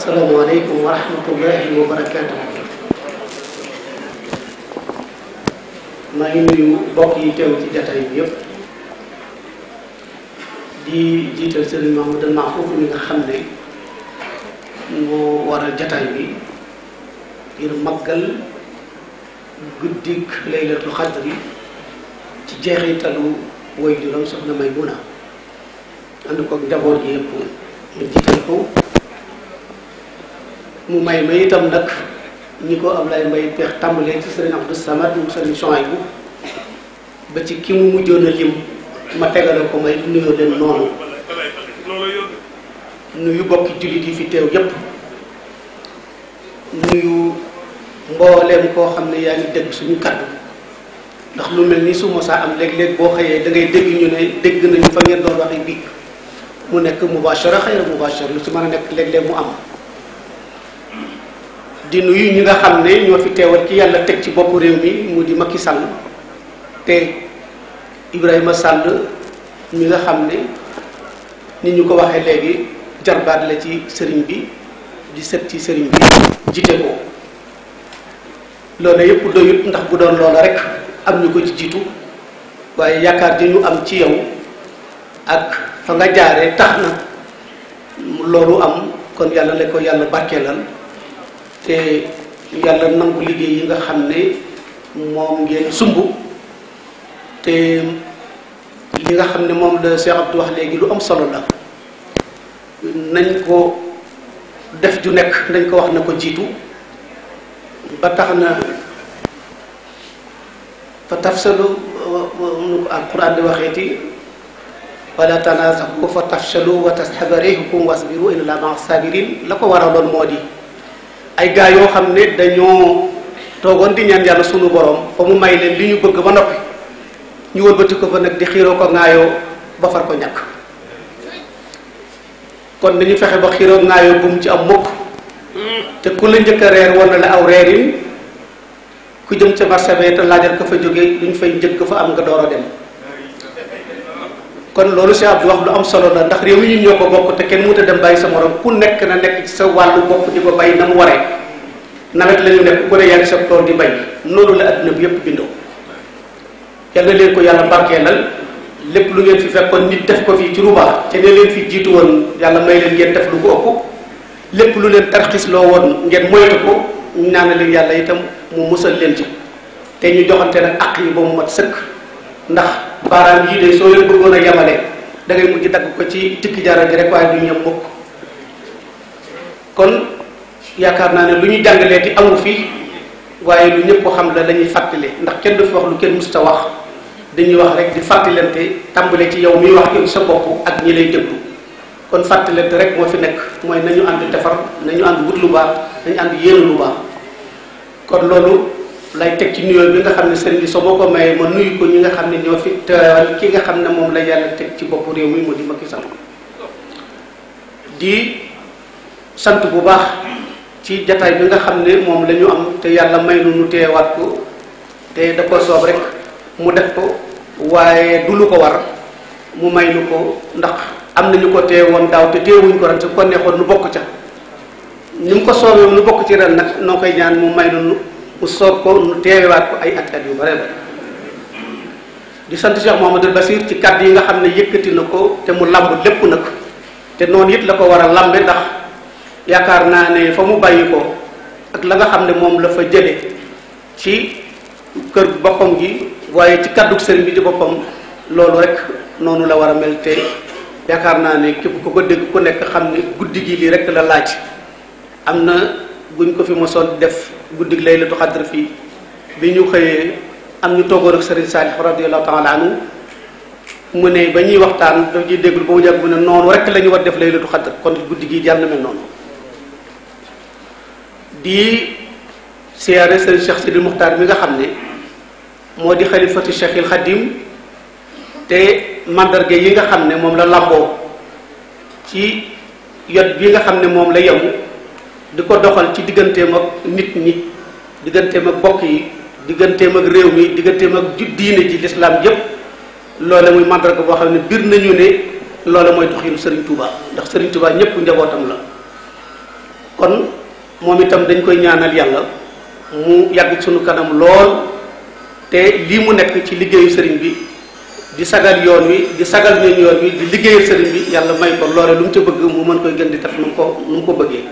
asalaamaaleykum wa rahmatullahi wa barakaatu. maa ngi nuyu mbokk yi teew ci jataay bi yëpp di jiital Serigne Mamadou Mahfouf mi nga xam ne moo waral jataay bi ngir màggal guddik laylatul xadri ci jeexitalu way juróom soxna Maymuna ànd ko ak njaboot gi yëpp mu jiital ko. mu may may itam nag ñi ko Ablaye Mbaye peex tàmbalee ci sëriñ Abdou sama mu sëriñ Chouaïbou ba ci ki mu mujjoon a lim ma tegale ko may nuyoo leen noonu nuyu bokki jullit yi fi teew yépp nuyu mbooleem koo xam ne yaa ngi dégg suñu kaddu ndax lu mel ni su mosaa am léeg-léeg boo xëyee da ngay ñu ne dégg nañu fa ngeen doon waxee biig mu nekk mubashara xëy na mubashara lu ci mën a nekk léeg-léeg mu am di nuyu ñu nga xam ne ñoo fi teewal ci yàlla teg ci boppu réew mi mu di Macky Sall te Ibrahima Sall mi nga xam ne ni ñu ko waxee léegi jarbaat la ci sëriñ bi di sët ci sëriñ bi jiite ko loolu yëpp doyut ndax bu doon loola rek am ñu ko ci jiitu waaye yaakaar di ñu am ci yow ak fa nga jaaree tax na loolu am kon yàlla la ko yàlla barkeelal te yàlla nangu liggéey yi nga xam ne moom ngeen sumb te li nga xam ne moom la Cheikh Abdou wax léegi lu am solo la nañ ko def ju nekk nañ ko wax na ko jiitu ba tax na fa tafsalu nu ko alquran di waxeeti wala tanasaxu fa tafsalu wa tastabarihukum wasbiru inna la maa sabirin la ko waraloon moo di ay gaa yoo xam ne dañoo toogoon di ñaan yàlla sunu borom ba mu may leen li ñu bëgg ba noppi ñu wëlbati ko fa nag di xiiroo ko ŋaayoo ba far ko ñàkk kon nañu fexe ba xiiroo ŋaayoo bu mu ci am mukk te ku la njëkk a reer war na la aw reerin ku jëm ca marché ba te laajal ka fa jóge luñ fay njëkk fa am nga door a dem kon loolu si Abdou wax lu am solo la ndax réew mi ñun ñoo ko bokk te kenn mënut a dem bàyyi sa morom ku nekk na nekk ci sa wàllu bopp di ko bàyyi na mu waree nawet la ñu nekk ku ne yaa ngi sa tool di bay noonu la adduna bi yëpp bindoo yàlla leen ko yàlla barkeelal lépp lu ngeen fi fekkoon nit def ko fii ci lu baax ne leen fi jiitu woon yàlla may leen ngeen def lu ko ëpp lépp lu leen tarxis loo woon ngeen moytu ko ñaan leen yàlla itam mu musal leen ci te ñu joxante nag àq yi ba mu mat ndax baaraam yii de soo leen bëggoon a yemale da ngay mujj dagg ko ci tikki jaara ji rek waaye du ñam bokk kon yaakaar naa ne lu ñu jàngalee ti amu fi waaye lu ñëpp ko xam la lañuy fàttali ndax kenn du fi wax lu kenn musta wax dañuy wax rek di fàttalante tàmbale ci yow miy wax yow sa bokk ak ñi lay déglu kon fàttalante rek moo fi nekk mooy nañu ànd defar nañu ànd wut lu baax nañu ànd yéene lu baax kon loolu lay teg ci nuyoo bi nga xam ne sëriñ bi soo ma ko mayee ma nuyu ko ñi nga xam ne ñoo fi teewal ki nga xam ne moom la yàlla teg ci boppu réew mi mu di Macky Sall di sant bu baax ci jataay bi nga xam ne moom la am te yàlla may nu nu teewaat ko te da ko soob rek mu def ko waaye du lu ko war mu may nu ko ndax am nañu ko teewoon daaw te teewuñ ko ren su ko neexoon nu bokk ca ni mu ko soobee nu bokk ci ren nag noo koy ñaan mu may nu mu soog ko nu teewewaat ko ay at at yu bare bare di sant Cheikh Mouhamadul Basir ci kàdd yi nga xam ne yëkkati na ko te mu lamb lépp nag te noonu it la ko war a lambe ndax yaakaar naa ne fa mu bàyyi ko ak la nga xam ne moom la fa jële ci kër boppam gi waaye ci kàddu sëriñ bi ci boppam loolu rek noonu la war a mel te yaakaar naa ne képp ku ko dégg ku nekk xam ne guddi gi lii rek la laaj am na buñ ko fi mosoon def guddi lay laylatu xadr fii bi ñu xëyee am ñu toogoon ak Serigne Saliou radiyallahu taala anhu mu ne ba ñuy waxtaan daf ñuy déglu ba mu jàgg mu ne noonu rek la ñu war def laylatu xadr kon guddi gi jar na mel noonu di siyaare Serigne Cheikh Sidi Muxtaar mi nga xam ne moo di xalifatu Cheikhil Xadim te mandarga yi nga xam ne moom la làmboo ci yot bi nga xam ne moom la yemu di ko doxal ci digganteem ak nit ñi digganteem ak bokk yi digganteem ak réew mi digganteem ak diine ji lislaam yépp loole muy màndarga boo xam ne biir nañu ne loole mooy doxinu Serigne Touba ndax Serigne Touba ñépp njabootam la kon moom itam dañ koy ñaanal yàlla mu yàgg sunu kanam lool te lii mu nekk ci liggéeyu sëriñ bi di sagal yoon wi di sagal ñun yoon wi di liggéeyal sëriñ bi yàlla may ko loole lu mu ca bëgg mu mën koy gën di def nu ko nu mu ko bëggee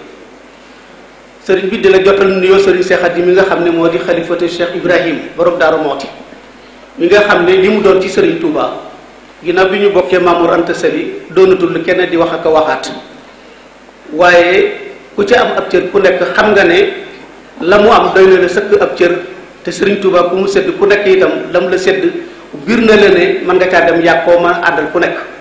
sëriñ bi di la jotal nuyoo sëriñ Cheikh yi mi nga xam ne moo di xalifatu Cheikh Ibrahim borom Daaru Mooti mi nga xam ne li mu doon ci sëriñ Touba ginnaaw bi ñu bokkee Mamour Anta Sali doonatul kenn di wax ak ko waxaat waaye ku ci am ab cër ku nekk xam nga ne la mu am doy na la sëkk ab cër te sëriñ Touba ku mu sedd ku nekk itam la mu la sedd biir na la ne mën nga caa dem yàq koo mën ku nekk.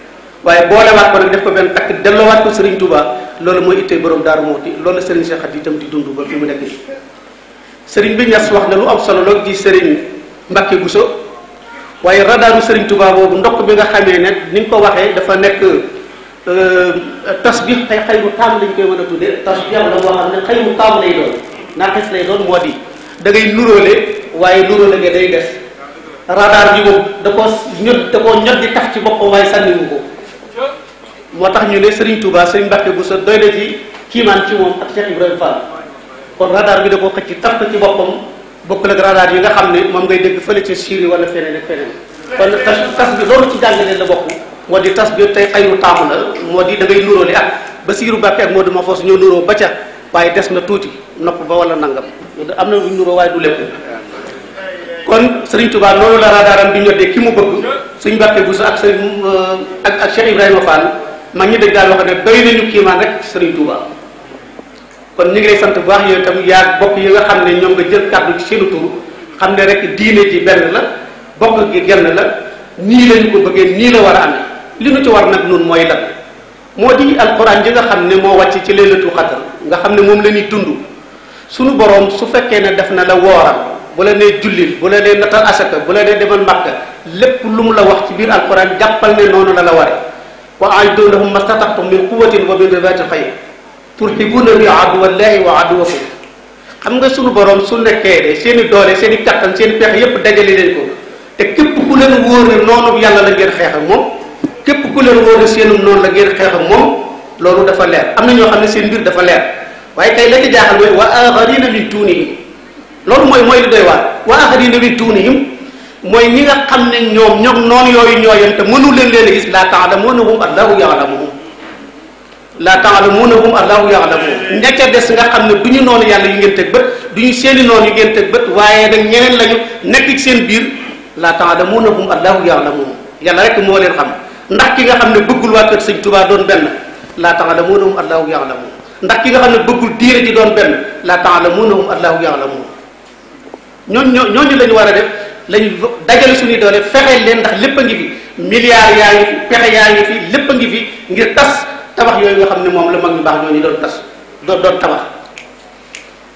waaye boolewaat ko nag def ko benn takk delloowaat ko Serigne Touba loolu mooy ittee borom Darou Mouhty loolu la Serigne Cheikh Khady tam di dund ba fi mu nekk nii. Serigne bi Niass wax na lu am solo lool di Serigne Mbacke Bousso waaye radaaru Serigne Touba boobu ndokk bi nga xamee ne ni nga ko waxee dafa nekk euh, tas bi xëy xëy bu taam lañ koy mën a tuddee tas bi am la mu xam ne xëy bu taam lay naa naaxis lay doon moo di da ngay nuróole waaye nuróole nga day des radar bi boobu da koo ñot da koo di taf ci boppam waaye sànniwu ko. moo tax ñu ne Serigne Touba Serigne Mbacke bu sa doy na ci kiimaan ci moom ak Cheikh Ibrahima Fall kon radar bi da koo xëcc taf ko ci boppam bokkul ak radar yi nga xam ne moom ngay dégg fële ci Syrie wala feneen ak feneen kon tas tas loolu ci jàngale la bokk moo di tas bi tey xëy na taamu moo di da ngay nuróole ak Bassirou Mbacke ak Modou Mafos ñoo nuróo ba ca waaye des na tuuti nopp ba wala nangam am na lu ñu nuróo du lépp kon Serigne Touba loolu la radaram bi ñoddee ki mu bëgg Serigne Mbacke bu sa ak Serigne euh, ak ak Cheikh Ibrahima mag ñi dañ daan wax ne doy nañu kiimaan rek sëriñ Touba kon ñu ngi sant bu baax yow itam yaa bokk yi nga xam ne ñoom nga jël kàddu ci seenu tur xam ne rek diine ji benn la bokk gi genn la nii lañu ko bëggee nii la war a amee li nu ci war nag noonu mooy lan moo di alquran ji nga xam ne moo wàcc ci leylatu xadar nga xam ne moom la ñuy dund suñu boroom su fekkee ne def na la wooram bu la nee jullil bu la nee natal asaka bu la nee demal màkka lépp lu mu la wax ci biir alquran jàppal ne noonu la la waree wa a'iddu lahum mastata'tum min quwwatin wa min ribatil khayl turhibuuna bi aduwallahi wa aduwakum xam nga sunu borom su nekkee de seeni i doole seen i kattan seen i pexe yépp dajale nañ ko te képp ku leen wóor ne noonu yàlla la ngeen xeex ak moom képp ku leen wóor ne seenu noonu la ngeen xeex ak moom loolu dafa leer am na ñoo xam ne seen mbir dafa leer waaye kay la ci jaaxal mooy wa axarina min loolu mooy mooy li doy waar wa axarina min duunihim mooy ñi nga xam ne ñoom ñoom noonu yooyu ñoo yem te mënu leen leen gis laa taalamuunahum allahu yaalamuhum laa taalamuunahum allahu yaalamuhum ña ca des nga xam ne du ñu noonu yàlla yu ngeen teg bët du ñu seeni noonu yu ngeen teg bët waaye nag ñeneen lañu nekk ci seen biir laa taalamuunahum allahu yaalamuhum yàlla rek moo leen xam ndax ki nga xam ne bëggul waa kër sëñ Tuubaa doon benn laa taalamuunahum allahu yaalamuhum ndax ki nga xam ne bëggul diire ji doon benn laa taalamuunahum allahu yaalamuhum ñooñu ñooñu la ñu war a def lañu dajale suñuy doole fexeel leen ndax lépp a ngi fi milliards yaa ngi fi pexe yaa ngi fi lépp a ngi fi ngir tas tabax yooyu nga xam ne moom la mag ñu baax ñooñu doon tas doon doon tabax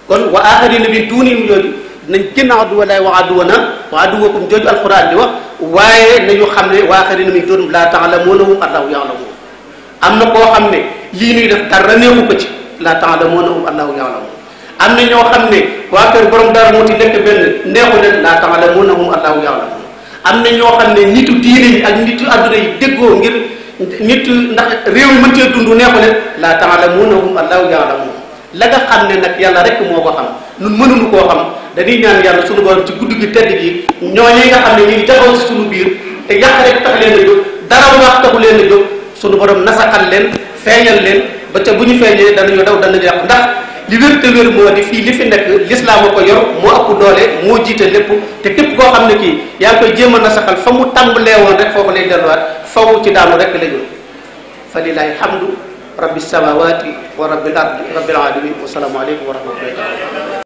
kon wa axarina bi duunihim yooyu nañ gën a adduwa laay wa adduwana wa mu jooju alquran di wax waaye nañu xam ne wa axarina min duunihim laa ta'lamuunahum allahu ya'lamuhum am na koo xam ne lii ñuy def dara neexu ko ci laa ta'lamuunahum allahu ya'lamuhum am na ñoo xam ne waa kër borom Darou Mouhty nekk benn neexu leen laa ta'lamuunahum Allahu ya'lamuhum am na ñoo xam ne nitu diine yi ak nitu adduna yi déggoo ngir nit ndax réew mi mëntee dund neexu leen laa ta'lamuunahum Allahu ya'lamuhum la nga xam ne nag yàlla rek moo ko xam nun mënuñu koo xam dañuy ñaan yàlla suñu borom ci guddi gi tedd gi ñooñu nga xam ne ñu ngi jaxoo si suñu biir te yàq rek tax leen a jóg dara wax taxu leen a jóg suñu borom nasaxal leen feeñal leen ba ca bu ñu feeñee danañu daw danañu yàq ndax li wér te moo di fii li fi nekk lislaam a ko yor moo ëpp doole moo jiite lépp te képp koo xam ne kii yaa ngi koy jéem a nasaxal fa mu tàmbalee woon rek foofu lay delluwaat faw ci daanu rek la ñu fa lilahi hamdu rabbi samawati wa rabbil ardi rabbil alamin wa salaamu aleykum wa rahmatullahi